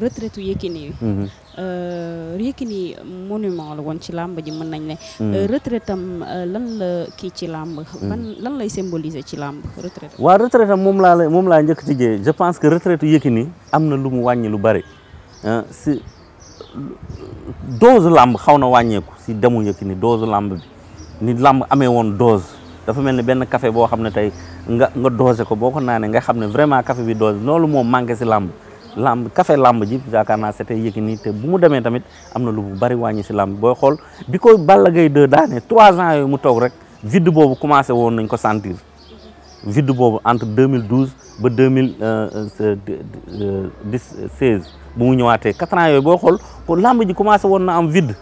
retraitu Yékini yi mhm. euh, Yékini monument la woon ci làmb ji mën nañ ne mhm. euh, retraitam euh, lan la kii ci làmb mhm. ban lan lay symboliser ci làmb retraite waaw retraitam moom laa la moom laa njëkk tijjee je pense que retraitu Yékini am na lu mu wàññi lu bari si dose làmb xaw na wàññeeku si demu Yékini dose làmb bi ni làmb amee woon dose dafa mel ni benn café boo xam ne tey nga nga dosé ko boo ko naanee nga xam ne vraiment café bi dose loolu moom manqué si làmb làmb café làmb ji yaakaar naa c'était Yékini te bu mu demee tamit am na lu bu bari wàññi si lamb boo xool bi ko Balla Gaye 2 daane trois ans yooyu mu toog rek vide boobu commencé woon nañ ko sentir vide boobu entre 2012 ba 2016 bu mu ñëwaatee quatre ans boo xool ko làmb ji commencé woon na am vide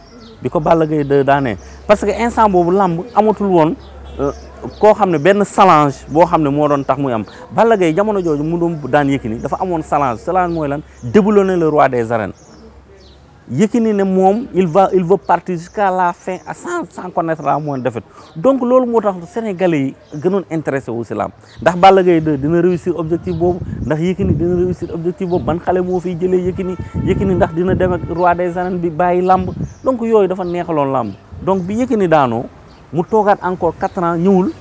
bi ko Balla Gaye 2 daanee parce que instant boobu làmb amatul woon euh, koo xam ne benn salange boo xam ne moo doon tax muy am Balla Gaye jamono jooju mu doon daan Yékini dafa amoon salange salange mooy lan déboulonner le roi des arènes Yékini ne moom il va il va partir jusqu'à la fin à sans sans connaître la moindre défaite donc loolu moo tax sénégalais yi gënoon intéressé wu si laam ndax bala Gaye 2 dina réussir objectif boobu ndax Yékini dina réussir objectif boobu ban xale moo fiy jëlee Yékini Yékini ndax dina dem ak roi des arènes bi bàyyi lamb donc yooyu dafa neexaloon làmb donc bi Yékini daanoo mu togat encore 4 ans ñewul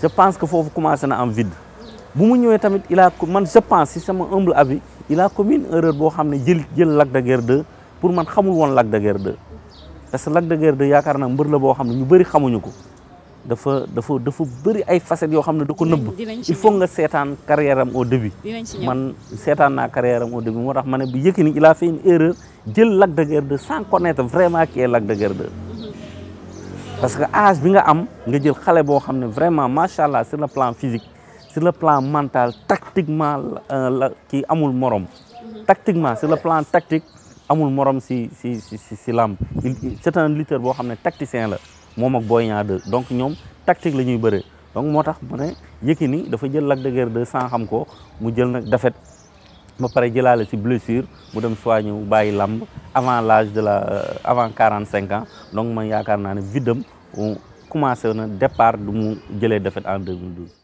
je pense que fofu commencé na am vide bu mu ñewé tamit il a man je pense si sama humble avis il a commis une erreur bo xamné jël jël Lac de guerre 2 pour man xamul won Lac de guerre 2 parce que Lac de guerre 2 yaakar na mbeur la bo xamné ñu bari xamuñu ko dafa dafa dafa bari ay facettes yo xamné ne da ko neub il faut nga sétane carrière am au début man sétane na carrière am au début motax tax ma ne bu Yékini il a fait une erreur jël Lac de guerre 2 sans connaître vraiment qui est Lac de guerre 2 parce que âge bi nga am nga jël xalé bo xamné vraiment machallah sur le plan physique sur le plan mental tactiquement euh, ki amul morom tactiquement sur le plan tactique amul morom si si si si, si lam c'est un lutteur bo xamné tacticien la mom ak boy ñaar donc ñom tactique lañuy bëré donc motax né yékini dafa jël lac de guerre 200 xam ko mu jël nak dafet ba paré jëlalé ci blessure mu dem soigner bayi lamb avant l'âge de la euh, avant quarante cinq ans donc man yaakaar naa ne vidam commencé na départ du mu jëlee défaite en 2012